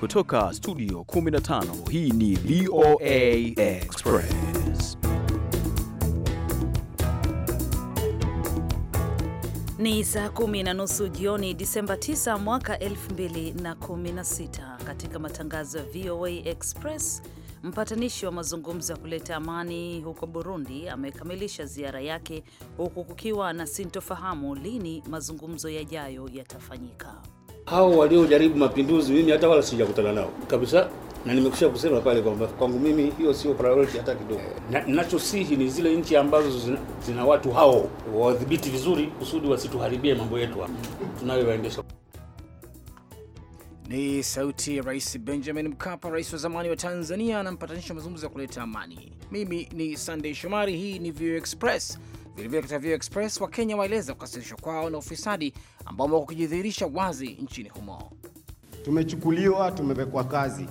Kutoka studio 15 hii ni VOA Express. Ni saa kumi na nusu jioni Disemba 9 mwaka 2016. Katika matangazo ya VOA Express, mpatanishi wa mazungumzo ya kuleta amani huko Burundi amekamilisha ziara yake huku kukiwa na sintofahamu lini mazungumzo yajayo yatafanyika hao waliojaribu mapinduzi, mimi hata wala sijakutana nao kabisa, na nimekusha kusema pale kwamba kwangu mimi hiyo sio priority hata kidogo. Ninachosihi ni zile nchi ambazo zina, zina watu hao wawadhibiti vizuri, kusudi wasituharibie mambo yetu tunayowaendesha. Ni sauti ya Rais Benjamin Mkapa, rais wa zamani wa Tanzania, anampatanisha mazungumzo ya kuleta amani. Mimi ni Sunday Shomari, hii ni View Express. Vilevile katika Vio Express, Wakenya waeleza kukasirishwa kwao na ufisadi ambao umekuwa ukijidhihirisha wazi nchini humo. Tumechukuliwa, tumewekwa kazi,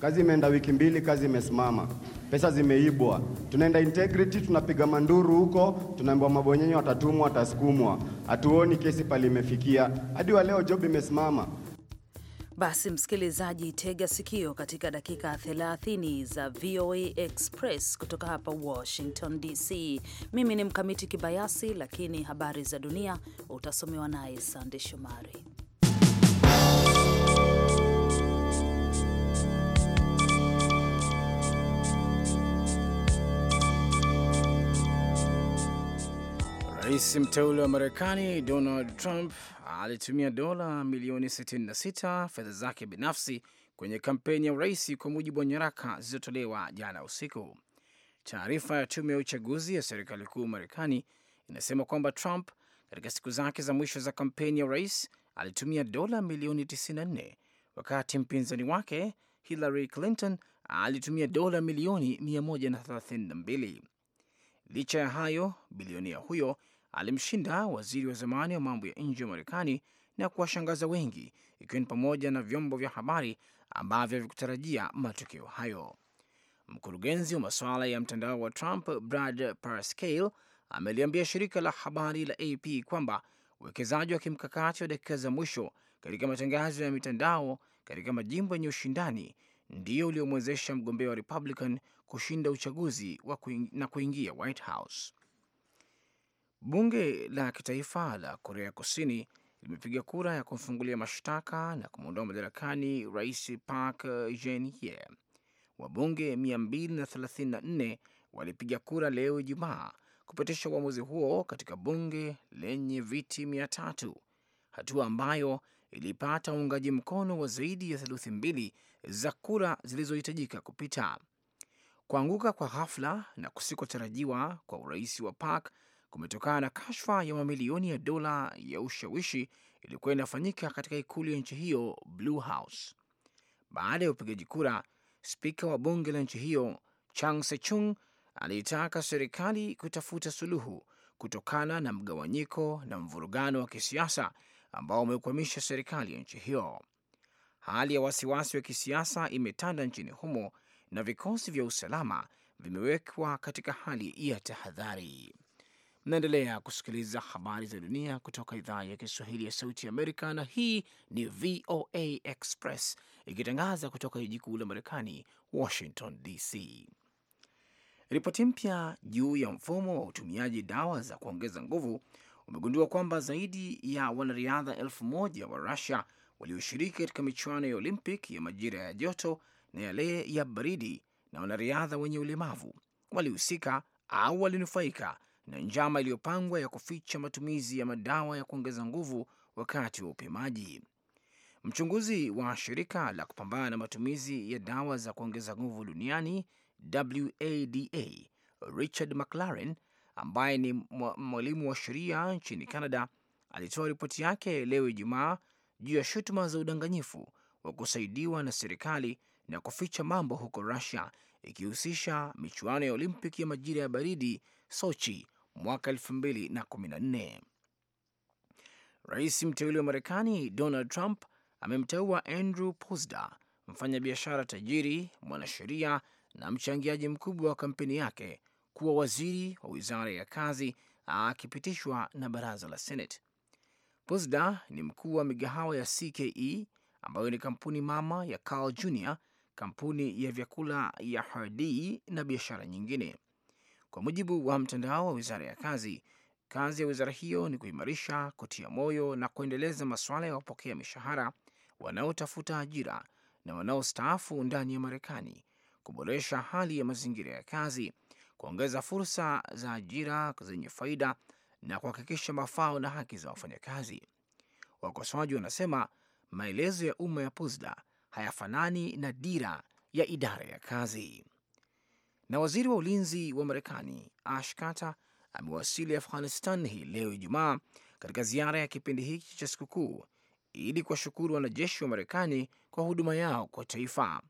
kazi imeenda wiki mbili, kazi imesimama, pesa zimeibwa, tunaenda integrity, tunapiga manduru huko, tunaambiwa mabonyenyo watatumwa, watasukumwa. Hatuoni kesi pale imefikia hadi wa leo, job imesimama. Basi msikilizaji, tega sikio katika dakika 30 za VOA Express kutoka hapa Washington DC. Mimi ni Mkamiti Kibayasi, lakini habari za dunia utasomewa naye Sande Shomari. Rais mteule wa Marekani Donald Trump alitumia dola milioni 66 fedha zake binafsi kwenye kampeni ya urais, kwa mujibu wa nyaraka zilizotolewa jana usiku. Taarifa ya tume ya uchaguzi ya serikali kuu Marekani inasema kwamba Trump katika siku zake za mwisho za kampeni ya urais alitumia dola milioni 94 wakati mpinzani wake Hillary Clinton alitumia dola milioni 132. Licha ya hayo, bilionia huyo alimshinda waziri wa zamani wa mambo ya nje wa Marekani na kuwashangaza wengi, ikiwa ni pamoja na vyombo vya habari ambavyo havikutarajia matokeo hayo. Mkurugenzi wa masuala ya mtandao wa Trump Brad Parscale ameliambia shirika la habari la AP kwamba uwekezaji wa kimkakati wa dakika za mwisho katika matangazo ya mitandao katika majimbo yenye ushindani ndiyo uliomwezesha mgombea wa Republican kushinda uchaguzi wa kuing na kuingia White House. Bunge la kitaifa la Korea Kusini limepiga kura ya kumfungulia mashtaka na kumwondoa madarakani rais Park Geun-hye. Wabunge 234 walipiga kura leo Ijumaa kupitisha uamuzi huo katika bunge lenye viti 300, hatua ambayo ilipata uungaji mkono wa zaidi ya theluthi mbili za kura zilizohitajika kupita. Kuanguka kwa ghafla na kusikotarajiwa kwa urais wa Park kumetokana na kashfa ya mamilioni ya dola ya ushawishi iliyokuwa inafanyika katika ikulu ya nchi hiyo Blue House. Baada ya upigaji kura, spika wa bunge la nchi hiyo Chang Sechung aliitaka serikali kutafuta suluhu kutokana na mgawanyiko na mvurugano wa kisiasa ambao umekwamisha serikali ya nchi hiyo. Hali ya wasiwasi wa kisiasa imetanda nchini humo na vikosi vya usalama vimewekwa katika hali ya tahadhari. Naendelea kusikiliza habari za dunia kutoka idhaa ya Kiswahili ya Sauti ya Amerika, na hii ni VOA Express ikitangaza kutoka jiji kuu la Marekani, Washington DC. Ripoti mpya juu ya mfumo wa utumiaji dawa za kuongeza nguvu umegundua kwamba zaidi ya wanariadha elfu moja wa Rusia walioshiriki katika michuano ya Olympic ya majira ya joto na yale ya baridi na wanariadha wenye ulemavu walihusika au walinufaika na njama iliyopangwa ya kuficha matumizi ya madawa ya kuongeza nguvu wakati wa upimaji. Mchunguzi wa shirika la kupambana na matumizi ya dawa za kuongeza nguvu duniani WADA Richard McLaren ambaye ni mwalimu wa sheria nchini Canada alitoa ripoti yake leo Ijumaa juu ya shutuma za udanganyifu wa kusaidiwa na serikali na kuficha mambo huko Russia, ikihusisha michuano ya Olimpiki ya majira ya baridi Sochi mwaka 2014. Rais mteule wa Marekani Donald Trump amemteua Andrew Posda, mfanyabiashara tajiri, mwanasheria na mchangiaji mkubwa wa kampeni yake kuwa waziri wa wizara ya kazi, akipitishwa na baraza la Senate. Posda ni mkuu wa migahawa ya CKE ambayo ni kampuni mama ya Carl Jr, kampuni ya vyakula ya Hardee na biashara nyingine. Kwa mujibu wa mtandao wa wizara ya kazi, kazi ya wizara hiyo ni kuimarisha, kutia moyo na kuendeleza masuala ya wapokea mishahara, wanaotafuta ajira na wanaostaafu ndani ya Marekani, kuboresha hali ya mazingira ya kazi, kuongeza fursa za ajira zenye faida na kuhakikisha mafao na haki za wafanyakazi. Wakosoaji wanasema maelezo ya umma ya PUSDA hayafanani na dira ya idara ya kazi. Na waziri wa ulinzi wa Marekani Ash Carter amewasili Afghanistan hii leo Ijumaa katika ziara ya kipindi hiki cha sikukuu ili kuwashukuru wanajeshi wa Marekani kwa huduma yao kwa taifa.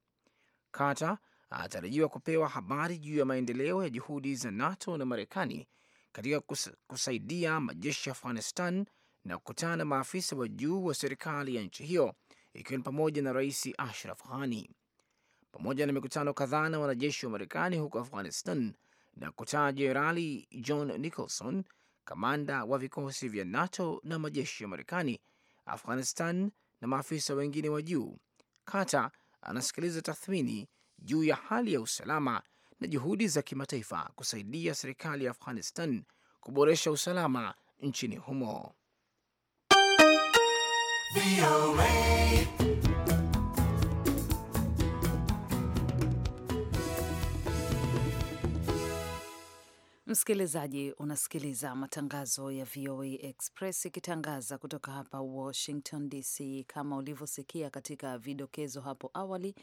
Carter anatarajiwa kupewa habari juu ya maendeleo ya juhudi za NATO na Marekani katika kusaidia majeshi ya Afghanistan na kukutana na maafisa wa juu wa serikali ya nchi hiyo ikiwa ni pamoja na Rais Ashraf Ghani pamoja na mikutano kadhaa na wanajeshi wa Marekani huko Afghanistan na kukutana Jenerali John Nicholson, kamanda wa vikosi vya NATO na majeshi ya Marekani Afghanistan na maafisa wengine wa juu. kata anasikiliza tathmini juu ya hali ya usalama na juhudi za kimataifa kusaidia serikali ya Afghanistan kuboresha usalama nchini humo. Msikilizaji, unasikiliza matangazo ya VOA Express ikitangaza kutoka hapa Washington DC. Kama ulivyosikia katika vidokezo hapo awali,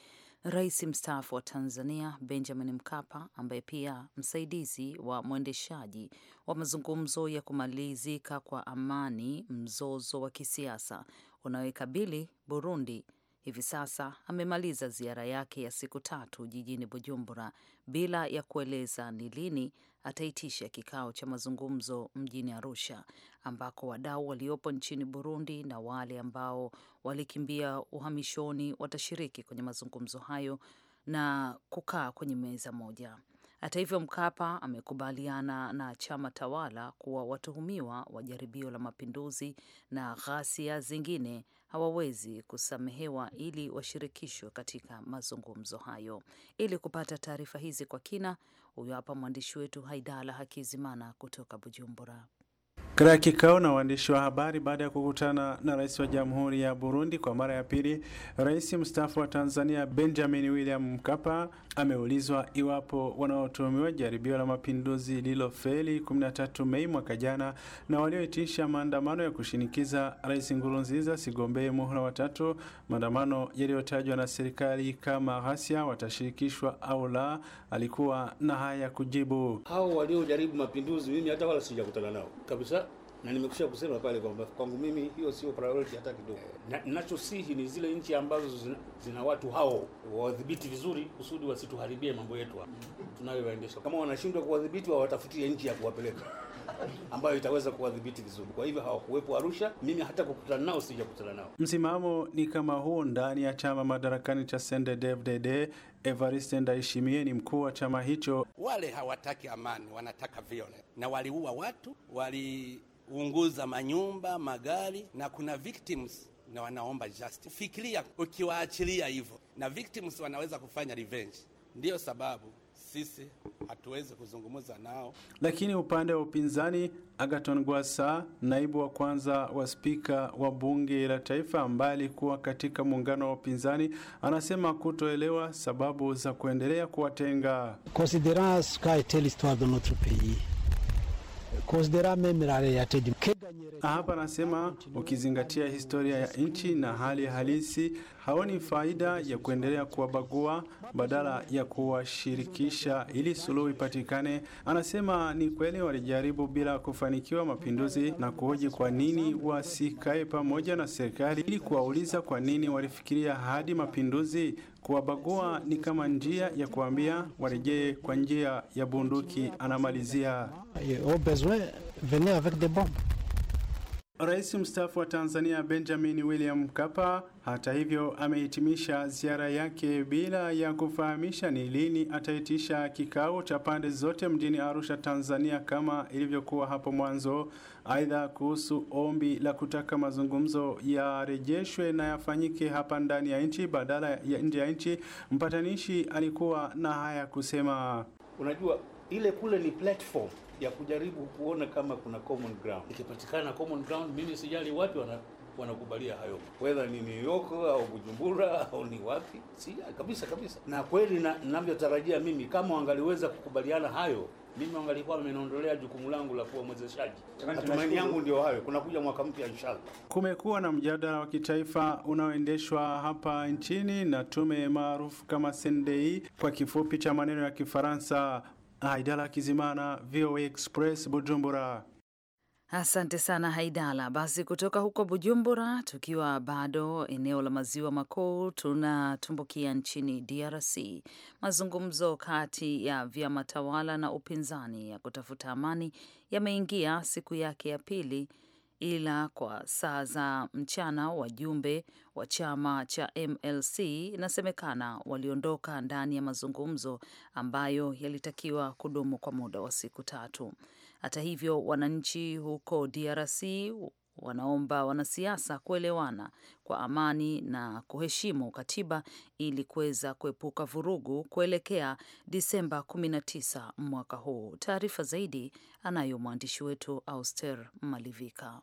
rais mstaafu wa Tanzania Benjamin Mkapa, ambaye pia msaidizi wa mwendeshaji wa mazungumzo ya kumalizika kwa amani mzozo wa kisiasa unaoikabili Burundi hivi sasa amemaliza ziara yake ya siku tatu jijini Bujumbura bila ya kueleza ni lini ataitisha kikao cha mazungumzo mjini Arusha ambako wadau waliopo nchini Burundi na wale ambao walikimbia uhamishoni watashiriki kwenye mazungumzo hayo na kukaa kwenye meza moja. Hata hivyo, Mkapa amekubaliana na chama tawala kuwa watuhumiwa wa jaribio la mapinduzi na ghasia zingine hawawezi kusamehewa ili washirikishwe katika mazungumzo hayo. Ili kupata taarifa hizi kwa kina, huyo hapa mwandishi wetu Haidala Hakizimana kutoka Bujumbura. Katika kikao na waandishi wa habari baada ya kukutana na rais wa Jamhuri ya Burundi kwa mara ya pili, rais mstaafu wa Tanzania Benjamin William Mkapa ameulizwa iwapo wanaotuhumiwa jaribio la mapinduzi lililofeli 13 Mei mwaka jana na walioitisha maandamano ya kushinikiza Rais Nkurunziza sigombee muhula watatu, maandamano yaliyotajwa na serikali kama ghasia, watashirikishwa au la. Alikuwa na haya kujibu: hao waliojaribu mapinduzi, mimi hata wala sijakutana nao kabisa na nimekusha kusema pale kwamba kwangu mimi hiyo sio priority hata kidogo. Eh, ninachosihi ni zile nchi ambazo zina, zina watu hao wawadhibiti vizuri, kusudi wasituharibie mambo yetu tunayowaendesha. Kama wanashindwa kuwadhibiti, wawatafutie nchi ya kuwapeleka ambayo itaweza kuwadhibiti vizuri. Kwa hivyo hawakuwepo Arusha, mimi hata kukutana nao sijakutana nao. Msimamo ni kama huo ndani ya chama madarakani cha CNDD-FDD. Evariste Ndayishimiye ni mkuu wa chama hicho. Wale hawataki amani, wanataka violence, na waliua watu wali kuunguza manyumba, magari na kuna victims na wanaomba justice. Fikiria ukiwaachilia hivyo, na victims wanaweza kufanya revenge. Ndiyo sababu sisi hatuwezi kuzungumza nao. Lakini upande wa upinzani, Agaton Gwasa, naibu wa kwanza wa spika wa bunge la taifa, ambaye alikuwa katika muungano wa upinzani, anasema kutoelewa sababu za kuendelea kuwatenga. Hapa anasema ukizingatia historia ya nchi na hali halisi haoni faida ya kuendelea kuwabagua badala ya kuwashirikisha ili suluhu ipatikane. Anasema ni kweli walijaribu bila kufanikiwa mapinduzi, na kuhoji kwa nini wasikae pamoja na serikali ili kuwauliza kwa nini walifikiria hadi mapinduzi. Kuwabagua ni kama njia ya kuambia warejee kwa njia ya bunduki, anamalizia. Rais mstaafu wa Tanzania Benjamin William Mkapa hata hivyo amehitimisha ziara yake bila ya kufahamisha ni lini ataitisha kikao cha pande zote mjini Arusha, Tanzania kama ilivyokuwa hapo mwanzo. Aidha, kuhusu ombi la kutaka mazungumzo yarejeshwe na yafanyike hapa ndani ya nchi badala ya nje ya nchi, mpatanishi alikuwa na haya kusema: unajua ile kule ni platform ya kujaribu kuona kama kuna common ground. Ikipatikana common ground, mimi sijali wapi wana wanakubalia hayo, whether ni New York au Bujumbura au ni wapi, si kabisa kabisa. Na kweli na ninavyotarajia mimi, kama wangaliweza kukubaliana hayo mimi wangalikuwa wameniondolea jukumu langu la kuwa mwezeshaji. Matumaini yangu ndio hayo, kunakuja mwaka mpya inshallah. Kumekuwa na mjadala wa kitaifa unaoendeshwa hapa nchini na tume maarufu kama CNDI kwa kifupi cha maneno ya Kifaransa Haidala Kizimana, VOA Express, Bujumbura. Asante sana Haidala. Basi kutoka huko Bujumbura, tukiwa bado eneo la maziwa makuu, tunatumbukia nchini DRC. Mazungumzo kati ya vyama tawala na upinzani ya kutafuta amani yameingia siku yake ya pili ila kwa saa za mchana wajumbe wa chama cha MLC inasemekana waliondoka ndani ya mazungumzo ambayo yalitakiwa kudumu kwa muda wa siku tatu. Hata hivyo, wananchi huko DRC Wanaomba wanasiasa kuelewana kwa amani na kuheshimu katiba ili kuweza kuepuka vurugu kuelekea Disemba 19 mwaka huu. Taarifa zaidi anayo mwandishi wetu Auster Malivika.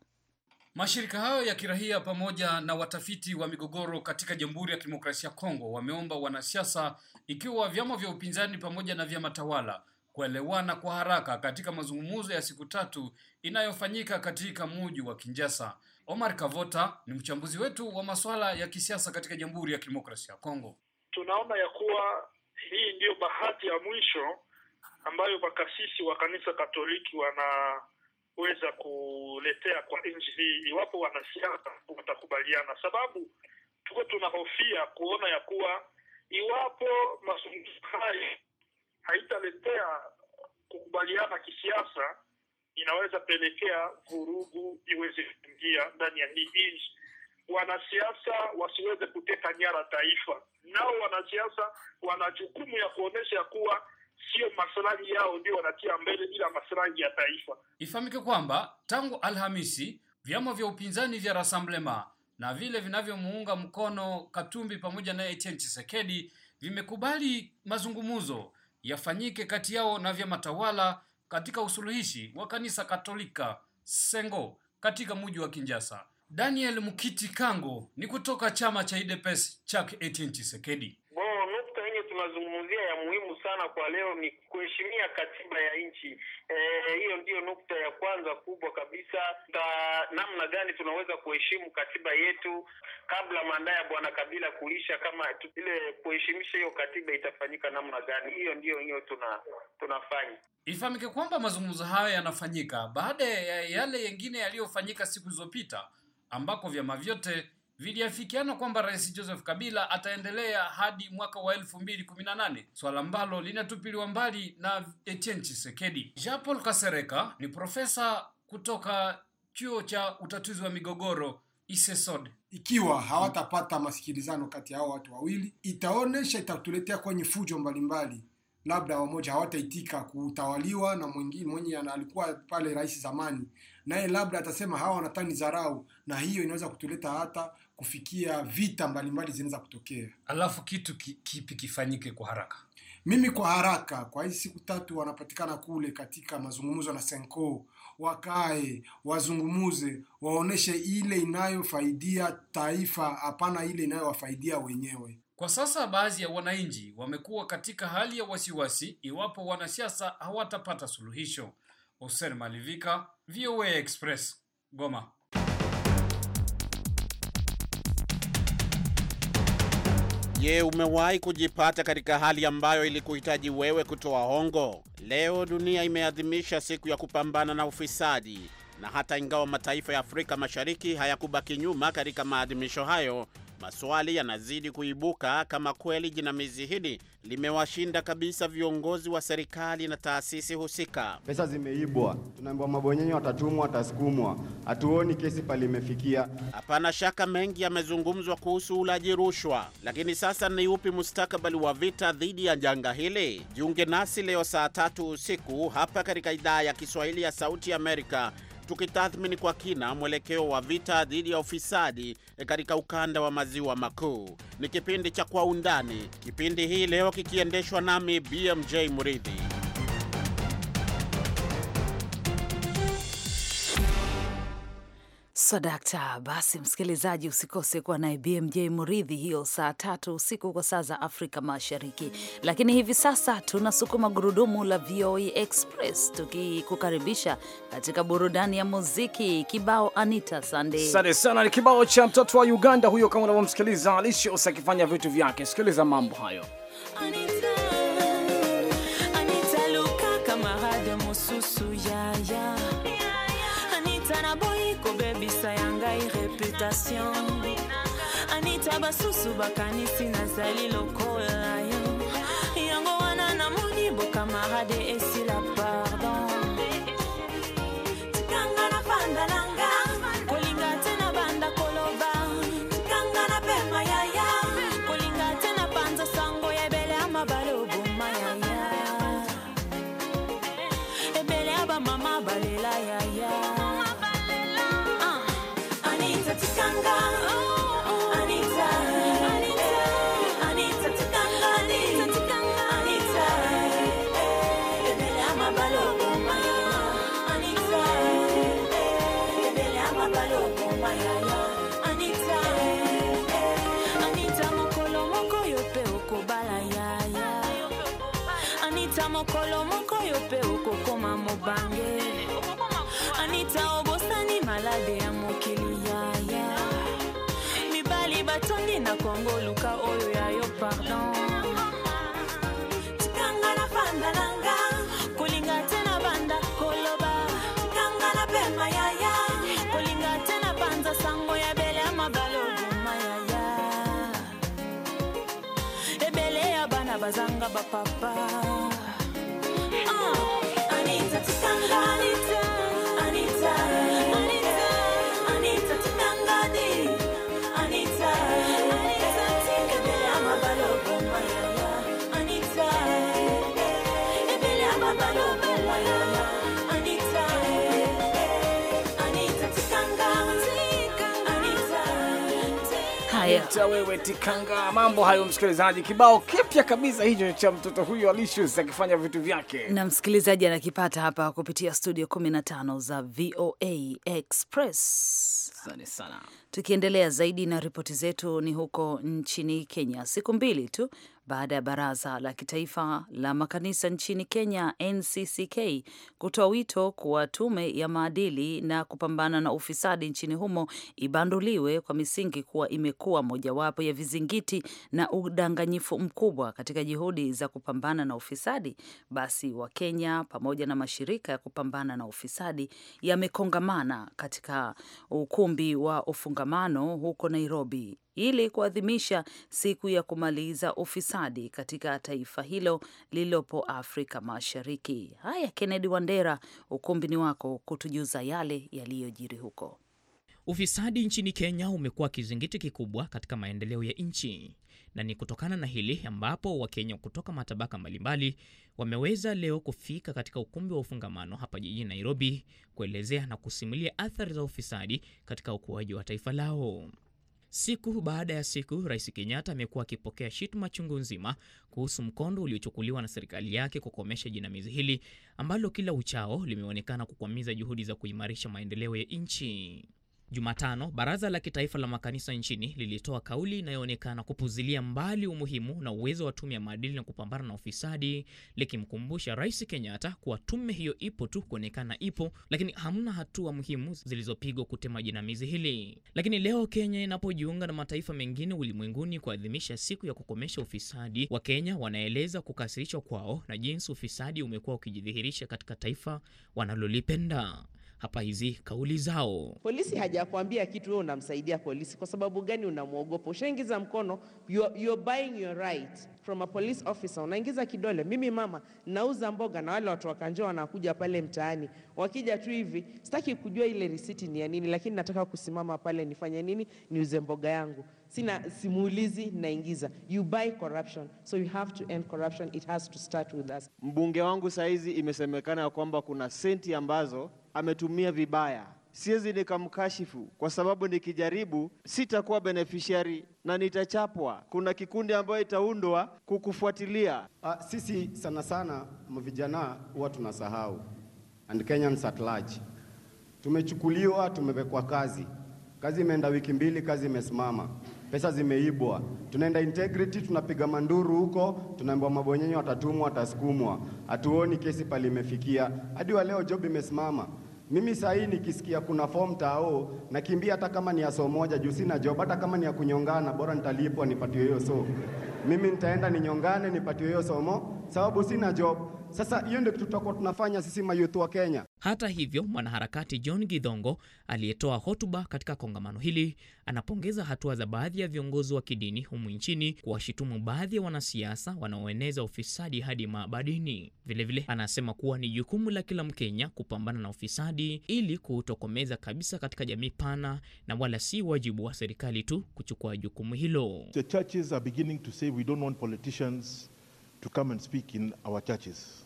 Mashirika hayo ya kirahia pamoja na watafiti wa migogoro katika Jamhuri ya Kidemokrasia ya Kongo wameomba wanasiasa, ikiwa vyama vya upinzani pamoja na vyama tawala, kuelewana kwa haraka katika mazungumzo ya siku tatu inayofanyika katika muji wa Kinjasa. Omar Kavota ni mchambuzi wetu wa masuala ya kisiasa katika Jamhuri ya Kidemokrasia ya Kongo. Tunaona ya kuwa hii ndiyo bahati ya mwisho ambayo makasisi wa kanisa Katoliki wanaweza kuletea kwa nchi hii, iwapo wanasiasa watakubaliana, sababu tuko tunahofia kuona ya kuwa iwapo mazungumzo haya haitaletea kukubaliana kisiasa, inaweza pelekea vurugu iweze kuingia ndani ya hii nchi, wanasiasa wasiweze kuteka nyara taifa. Nao wanasiasa wana jukumu ya ya kuwa sio maslahi yao ndio wanatia mbele, ila maslahi ya taifa. Ifahamike kwamba tangu Alhamisi vyama vya upinzani vya Rassemblement na vile vinavyomuunga mkono Katumbi pamoja na Etienne Tshisekedi vimekubali mazungumzo yafanyike kati yao na vyama tawala katika usuluhishi wa kanisa Katolika Sengo katika mji wa Kinshasa. Daniel Mukiti Kango ni kutoka chama cha UDPS chake Etienne Tshisekedi tunazungumzia ya muhimu sana kwa leo ni kuheshimia katiba ya nchi. E, hiyo ndiyo nukta ya kwanza kubwa kabisa, ta namna gani tunaweza kuheshimu katiba yetu kabla maandaa ya bwana Kabila kulisha, kama ile kuheshimisha hiyo katiba itafanyika namna gani? Hiyo ndiyo hiyo tuna tunafanya. Ifahamike kwamba mazungumzo hayo yanafanyika baada ya yale yengine yaliyofanyika siku zilizopita ambako vyama vyote viliafikiana kwamba Rais Joseph Kabila ataendelea hadi mwaka wa elfu mbili kumi na nane swala ambalo linatupiliwa mbali na Etienne Tshisekedi. Jean Paul Kasereka ni profesa kutoka chuo cha utatuzi wa migogoro ISESOD. Ikiwa hawatapata masikilizano kati ya hao watu wawili, itaonesha itatuletea kwenye fujo mbalimbali labda wamoja hawataitika kutawaliwa na mwingine mwenye alikuwa pale rais zamani, naye labda atasema hawa wanatani zarau, na hiyo inaweza kutuleta hata kufikia vita mbalimbali zinaweza kutokea. Alafu kitu ki, kipi kifanyike kwa haraka? Mimi kwa haraka, kwa hizi siku tatu wanapatikana kule katika mazungumzo na Senko, wakae wazungumuze, waoneshe ile inayofaidia taifa, hapana ile inayowafaidia wenyewe. Kwa sasa baadhi ya wananchi wamekuwa katika hali ya wasiwasi iwapo wanasiasa hawatapata suluhisho. Hussein Malivika, VOA Express, Goma. Je, umewahi kujipata katika hali ambayo ilikuhitaji wewe kutoa hongo? Leo dunia imeadhimisha siku ya kupambana na ufisadi, na hata ingawa mataifa ya Afrika Mashariki hayakubaki nyuma katika maadhimisho hayo, Maswali yanazidi kuibuka kama kweli jinamizi hili limewashinda kabisa viongozi wa serikali na taasisi husika. Pesa zimeibwa, tunaambiwa mabonyenyo watatumwa, watasukumwa, hatuoni kesi palimefikia. Hapana shaka mengi yamezungumzwa kuhusu ulaji rushwa, lakini sasa ni upi mustakabali wa vita dhidi ya janga hili? Jiunge nasi leo saa tatu usiku hapa katika idhaa ya Kiswahili ya Sauti Amerika tukitathmini kwa kina mwelekeo wa vita dhidi ya ufisadi eh, katika ukanda wa mazi maziwa makuu. Ni kipindi cha Kwa Undani, kipindi hii leo kikiendeshwa nami BMJ Muridhi. kabisa dakta. Basi msikilizaji, usikose kuwa naye BMJ Muridhi hiyo saa tatu usiku kwa saa za Afrika Mashariki. Lakini hivi sasa tunasukuma gurudumu la VOA e Express tukikukaribisha katika burudani ya muziki. Kibao Anita Sande, asante sana. Ni kibao cha mtoto wa Uganda huyo, kama unavyomsikiliza Alisho akifanya vitu vyake. Sikiliza mambo hayo Anita. relation anita basusu bakanisi nazali lokola yo yango wana namoni bokamarade bazanga bapapa Kamata wewe tikanga, mambo hayo msikilizaji. Kibao kipya kabisa hicho cha mtoto huyo Alicious akifanya vitu vyake, na msikilizaji anakipata hapa kupitia studio 15 za VOA Express. Asante sana. Tukiendelea zaidi na ripoti zetu, ni huko nchini Kenya. Siku mbili tu baada ya baraza la kitaifa la makanisa nchini Kenya NCCK kutoa wito kuwa tume ya maadili na kupambana na ufisadi nchini humo ibanduliwe kwa misingi kuwa imekuwa mojawapo ya vizingiti na udanganyifu mkubwa katika juhudi za kupambana na ufisadi, basi Wakenya pamoja na mashirika ya kupambana na ufisadi yamekongamana katika ukumbi wa ufungamano huko Nairobi ili kuadhimisha siku ya kumaliza ufisadi katika taifa hilo lililopo Afrika Mashariki. Haya, Kennedy Wandera, ukumbi ni wako kutujuza yale yaliyojiri huko. Ufisadi nchini Kenya umekuwa kizingiti kikubwa katika maendeleo ya nchi, na ni kutokana na hili ambapo Wakenya kutoka matabaka mbalimbali wameweza leo kufika katika ukumbi wa ufungamano hapa jijini Nairobi kuelezea na kusimulia athari za ufisadi katika ukuaji wa taifa lao. Siku baada ya siku, Rais Kenyatta amekuwa akipokea shutuma chungu nzima kuhusu mkondo uliochukuliwa na serikali yake kukomesha jinamizi hili ambalo kila uchao limeonekana kukwamiza juhudi za kuimarisha maendeleo ya nchi. Jumatano, Baraza la Kitaifa la Makanisa nchini lilitoa kauli inayoonekana kupuzilia mbali umuhimu na uwezo wa tume ya maadili na kupambana na ufisadi, likimkumbusha Rais Kenyatta kuwa tume hiyo ipo tu kuonekana ipo, lakini hamna hatua muhimu zilizopigwa kutema jinamizi hili. Lakini leo Kenya inapojiunga na mataifa mengine ulimwenguni kuadhimisha siku ya kukomesha ufisadi, Wakenya wanaeleza kukasirishwa kwao na jinsi ufisadi umekuwa ukijidhihirisha katika taifa wanalolipenda hapa hizi kauli zao. Polisi hajakwambia kitu, wewe unamsaidia polisi kwa sababu gani? Unamwogopa, ushaingiza mkono, you're buying your right from a police officer. Unaingiza kidole. Mimi mama nauza mboga, na wale watu wakanjia wanakuja pale mtaani, wakija tu hivi, sitaki kujua ile risiti ni ya nini, lakini nataka kusimama pale nifanye nini? Niuze mboga yangu. Sina simulizi, naingiza. You buy corruption, so you have to end corruption. It has to start with us. Mbunge wangu saizi imesemekana ya kwamba kuna senti ambazo ametumia vibaya. Siwezi nikamkashifu kwa sababu nikijaribu sitakuwa beneficiary na nitachapwa. Kuna kikundi ambayo itaundwa kukufuatilia. Uh, sisi sana sana mvijana huwa tunasahau and Kenyans at large tumechukuliwa, tumewekwa kazi, kazi imeenda wiki mbili, kazi imesimama, pesa zimeibwa, tunaenda integrity, tunapiga manduru huko, tunaambiwa mabonyenyo watatumwa, watasukumwa, hatuoni kesi pale imefikia. Hadi wa leo job imesimama mimi saa hii nikisikia kuna form tao nakimbia, hata kama ni ya soo moja juu sina job, hata kama ni ya kunyongana, bora nitalipwa nipatiwe hiyo so. Mimi nitaenda ninyongane nipatiwe hiyo somo sababu sina job. Sasa hiyo ndio kitu tutakuwa tunafanya sisi mayouth wa Kenya. Hata hivyo, mwanaharakati John Githongo aliyetoa hotuba katika kongamano hili anapongeza hatua za baadhi ya viongozi wa kidini humu nchini kuwashitumu baadhi ya wanasiasa wanaoeneza ufisadi hadi maabadini. Vilevile anasema kuwa ni jukumu la kila Mkenya kupambana na ufisadi ili kuutokomeza kabisa katika jamii pana, na wala si wajibu wa serikali tu kuchukua jukumu hilo. The churches are beginning to say we don't want politicians to come and speak in our churches.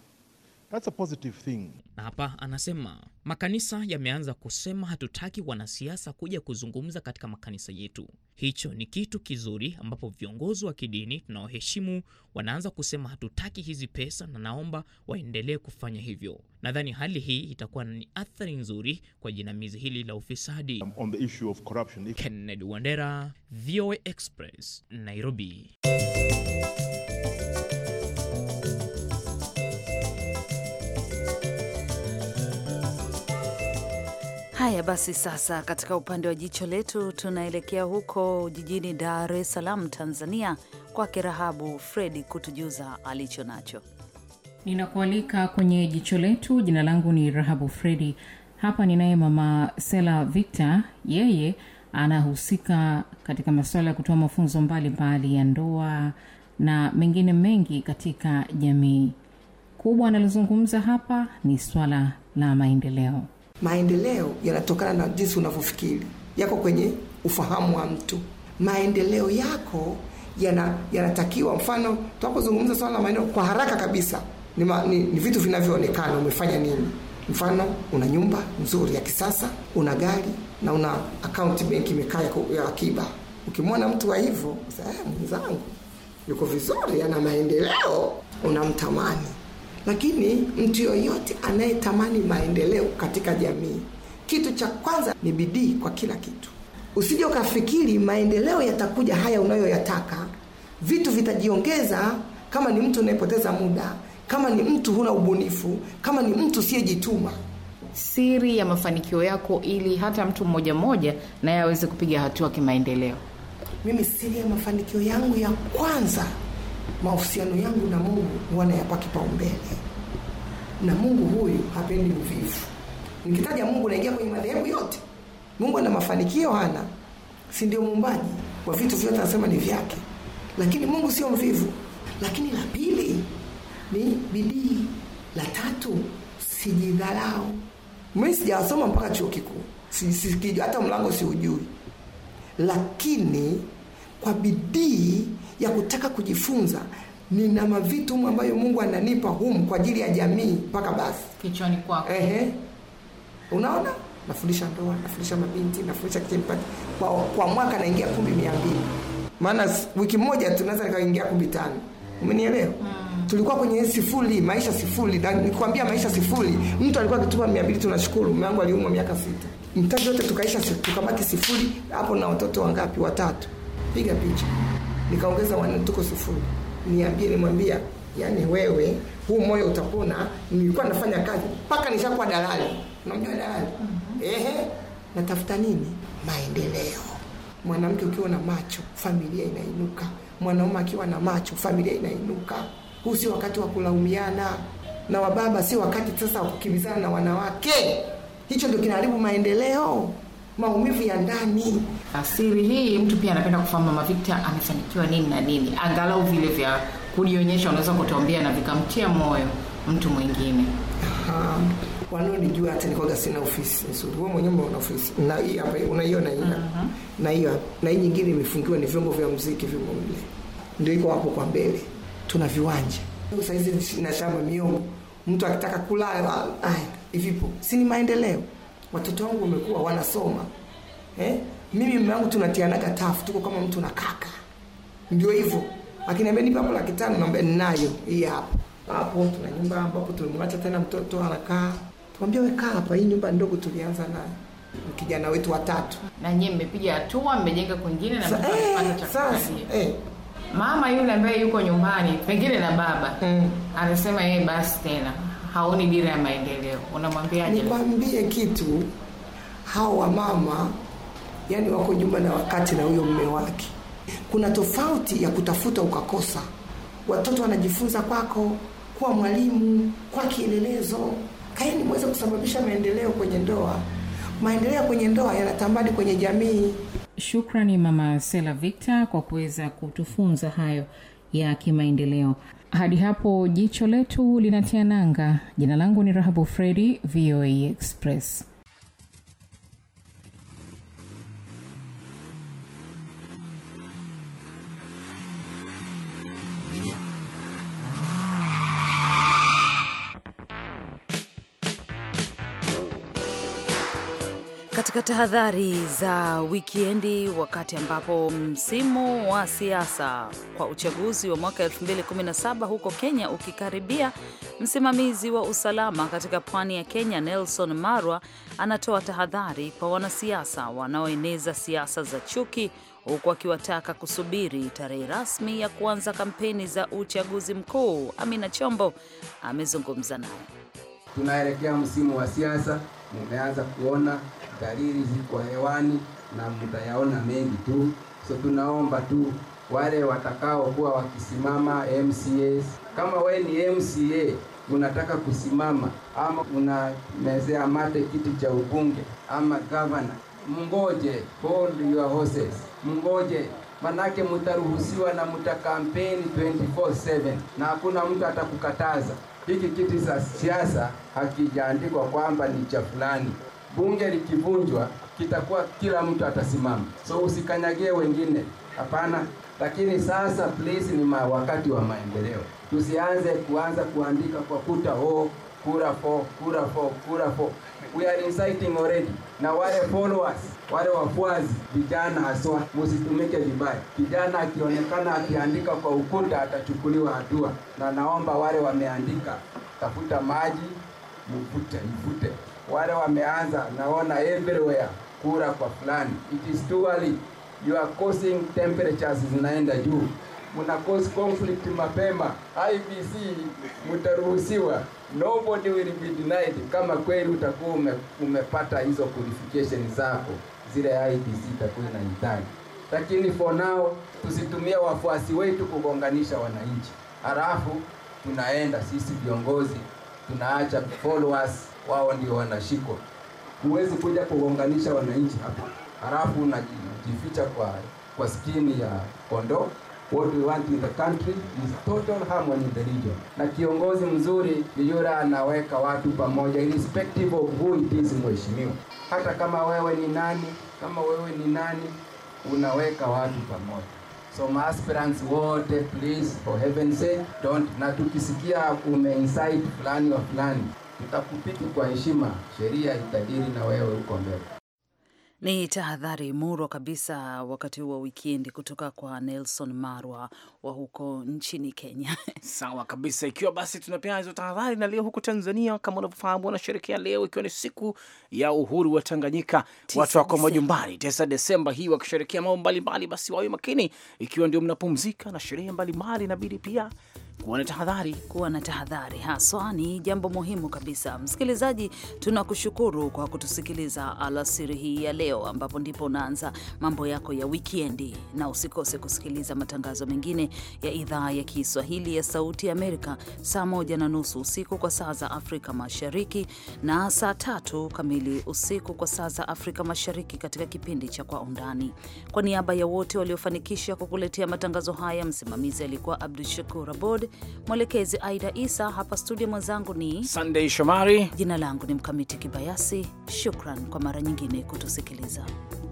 That's a positive thing. Na hapa anasema makanisa yameanza kusema hatutaki wanasiasa kuja kuzungumza katika makanisa yetu. Hicho ni kitu kizuri, ambapo viongozi wa kidini tunaoheshimu wanaanza kusema hatutaki hizi pesa, na naomba waendelee kufanya hivyo. Nadhani hali hii itakuwa ni athari nzuri kwa jinamizi hili la ufisadi. Um, on the issue of corruption. Kennedy Wandera, VOA Express, Nairobi. Haya basi, sasa katika upande wa jicho letu tunaelekea huko jijini Dar es Salaam, Tanzania, kwake Rahabu Fredi kutujuza alicho nacho. Ninakualika kwenye jicho letu. Jina langu ni Rahabu Fredi. Hapa ninaye Mama Sela Victor, yeye anahusika katika masuala ya kutoa mafunzo mbalimbali ya ndoa na mengine mengi katika jamii. Kubwa analozungumza hapa ni swala la maendeleo. Maendeleo yanatokana na jinsi unavyofikiri, yako kwenye ufahamu wa mtu. Maendeleo yako yanatakiwa yana, mfano tunapozungumza swala la maendeleo kwa haraka kabisa ni, ma, ni, ni vitu vinavyoonekana umefanya nini. Mfano, una nyumba nzuri ya kisasa, una gari na una akaunti benki imekaa ya akiba. Ukimwona mtu wa hivyo, eh, mwenzangu yuko vizuri, ana maendeleo, unamtamani lakini mtu yoyote anayetamani maendeleo katika jamii, kitu cha kwanza ni bidii kwa kila kitu. Usije ukafikiri maendeleo yatakuja haya unayoyataka, vitu vitajiongeza. Kama ni mtu unayepoteza muda, kama ni mtu huna ubunifu, kama ni mtu usiyejituma siri ya mafanikio yako ili hata mtu mmoja mmoja naye aweze kupiga hatua kimaendeleo? Mimi siri ya mafanikio yangu ya kwanza mahusiano yangu na Mungu huwa nayapa kipaumbele, na Mungu huyu hapendi mvivu. Nikitaja Mungu naingia kwenye madhehebu yote. Mungu ana mafanikio hana, si ndio muumbaji wa vitu vyote, anasema ni vyake, lakini Mungu sio mvivu. Lakini la pili ni bidii, la tatu sijidharau. Mimi sijawasoma mpaka chuo kikuu, hata mlango siujui, lakini kwa bidii ya kutaka kujifunza nina mavitu humu ambayo mungu ananipa humu kwa ajili ya jamii mpaka basi kichwani kwako ehe unaona nafundisha ndoa nafundisha mabinti nafundisha kimpati kwa, kwa mwaka naingia kumbi mia mbili maana wiki moja tunaweza nikaingia kumbi tano umenielewa mm. tulikuwa kwenye sifuri maisha sifuri nikwambia maisha sifuri mtu alikuwa akitupa mia mbili tunashukuru mume aliumwa miaka sita mtaji wote tukaisha tukabaki sifuri hapo na watoto wangapi watatu piga picha, nikaongeza wanne, tuko sifuri. Niambie, nimwambia yani, wewe huu moyo utapona. Nilikuwa nafanya kazi mpaka nishakuwa dalali, unamjua dalali? mm -hmm. Ehe, natafuta nini? Maendeleo. Mwanamke ukiwa na macho, familia inainuka. Mwanaume akiwa na macho, familia inainuka. Huu sio wakati wa kulaumiana, na wababa sio wakati sasa wa kukimbizana na wanawake. Hicho ndio kinaharibu maendeleo maumivu ya ndani. asiri hii mtu pia anapenda kufahamu Mama Victor amefanikiwa nini na nini, angalau vile vya kujionyesha, unaweza kutuambia na vikamtia moyo mtu mwingine. Aha. Wanaonijua hata nikoga sina ofisi nzuri. Wewe mwenyewe una ofisi na hii hapa unaiona hii hapa mhm. na hiyo na hii nyingine imefungiwa, ni vyombo vya muziki vimo mle, ndio iko hapo kwa mbele. Tuna viwanja saizi na shamba miongo, mtu akitaka kulala ai hivipo, si ni maendeleo? watoto wangu wamekuwa wanasoma eh? Mimi mume wangu tunatianaga tafu, tuko kama mtu na kaka, ndio hivyo. Akiniambia nipe hapo laki tano, naambia ninayo hii hapa. Hapo tuna nyumba ambapo tulimwacha tena mtoto anakaa, tuambia wekaa hapa, hii nyumba ndogo tulianza nayo kijana wetu watatu, na nyie mmepiga hatua, mmejenga kwingine na eh, sasa eh, eh, mama yule ambaye yuko nyumbani pengine na baba mm, anasema yeye basi tena haoni dira ya maendeleo, unamwambiaje? Nikwambie kitu, hao wamama yani wako nyuma na wakati na huyo mme wake. Kuna tofauti ya kutafuta ukakosa. Watoto wanajifunza kwako, kuwa mwalimu, kwa kielelezo. kaini muweze kusababisha maendeleo kwenye ndoa. Maendeleo kwenye ndoa yanatambadi kwenye jamii. Shukrani Mama Sela Victor kwa kuweza kutufunza hayo ya kimaendeleo hadi hapo jicho letu linatia nanga jina langu ni rahabu fredi voa express katika tahadhari za wikiendi wakati ambapo msimu wa siasa kwa uchaguzi wa mwaka 2017 huko Kenya ukikaribia, msimamizi wa usalama katika pwani ya Kenya Nelson Marwa anatoa tahadhari kwa wanasiasa wanaoeneza siasa za chuki, huku akiwataka kusubiri tarehe rasmi ya kuanza kampeni za uchaguzi mkuu. Amina Chombo amezungumza naye. Tunaelekea msimu wa siasa Nimeanza kuona dalili ziko hewani na mtayaona mengi tu, so tunaomba tu wale watakaokuwa wakisimama MCAs, kama wewe ni MCA unataka kusimama ama unamezea mate kiti cha ubunge ama gavana, mngoje, hold your horses, mngoje manake mutaruhusiwa na mutakampeni 24/7 na hakuna mtu atakukataza hiki kiti cha siasa hakijaandikwa kwamba ni cha fulani. Bunge likivunjwa, kitakuwa kila mtu atasimama, so usikanyagie wengine, hapana. Lakini sasa please, ni wakati wa maendeleo, tusianze kuanza kuandika kwa kuta oh kura fo, kura fo, kura fo. We are inciting already. Na wale followers, wale wafuazi vijana haswa, musitumike vibaya. Kijana akionekana akiandika kwa ukuta atachukuliwa hatua, na naomba wale wameandika, tafuta maji mvute, mvute. Wale wameanza, naona everywhere kura kwa fulani. It is too early. You are causing temperatures zinaenda juu muna cause conflict mapema. IBC mutaruhusiwa nobody will be denied, kama kweli utakuwa ume, umepata hizo qualification zako zile IBC itakuwa inahitaji. Lakini for now tusitumie wafuasi wetu kugonganisha wananchi, halafu tunaenda sisi viongozi tunaacha followers wao ndio wanashikwa. Huwezi kuja kugonganisha wananchi hapa, halafu unajificha kwa, kwa skini ya kondoo. What we want in the country is total harmony in the region. Na kiongozi mzuri ni yule anaweka watu pamoja irrespective of who it is mheshimiwa. Hata kama wewe ni nani, kama wewe ni nani, unaweka watu pamoja. So my aspirants wote please for heaven sake don't na tukisikia umeinsight fulani wa fulani tutakupiti kwa heshima, sheria itadiri na wewe uko mbele. Ni tahadhari murwa kabisa wakati huu wa wikendi kutoka kwa Nelson Marwa wa huko nchini Kenya. Sawa kabisa, ikiwa basi tunapea hizo tahadhari. Na leo huko Tanzania, kama unavyofahamu, wanasherekea leo ikiwa ni siku ya uhuru wa Tanganyika. Watu wako majumbani tisa Desemba hii wakisherekea mambo mbalimbali, basi wawe makini, ikiwa ndio mnapumzika na sherehe mbalimbali, inabidi pia kuwa na tahadhari. Kuwa na tahadhari haswa ni jambo muhimu kabisa. Msikilizaji, tunakushukuru kwa kutusikiliza alasiri hii ya leo, ambapo ndipo unaanza mambo yako ya wikendi, na usikose kusikiliza matangazo mengine ya idhaa ya Kiswahili ya Sauti Amerika saa moja na nusu usiku kwa saa za Afrika Mashariki na saa tatu kamili usiku kwa saa za Afrika Mashariki katika kipindi cha Kwa Undani. Kwa niaba ya wote waliofanikisha kukuletea matangazo haya, msimamizi alikuwa Abdu Shakur Abod, Mwelekezi Aida Isa, hapa studio mwenzangu ni Sunday Shomari, jina langu ni Mkamiti Kibayasi. Shukran kwa mara nyingine kutusikiliza.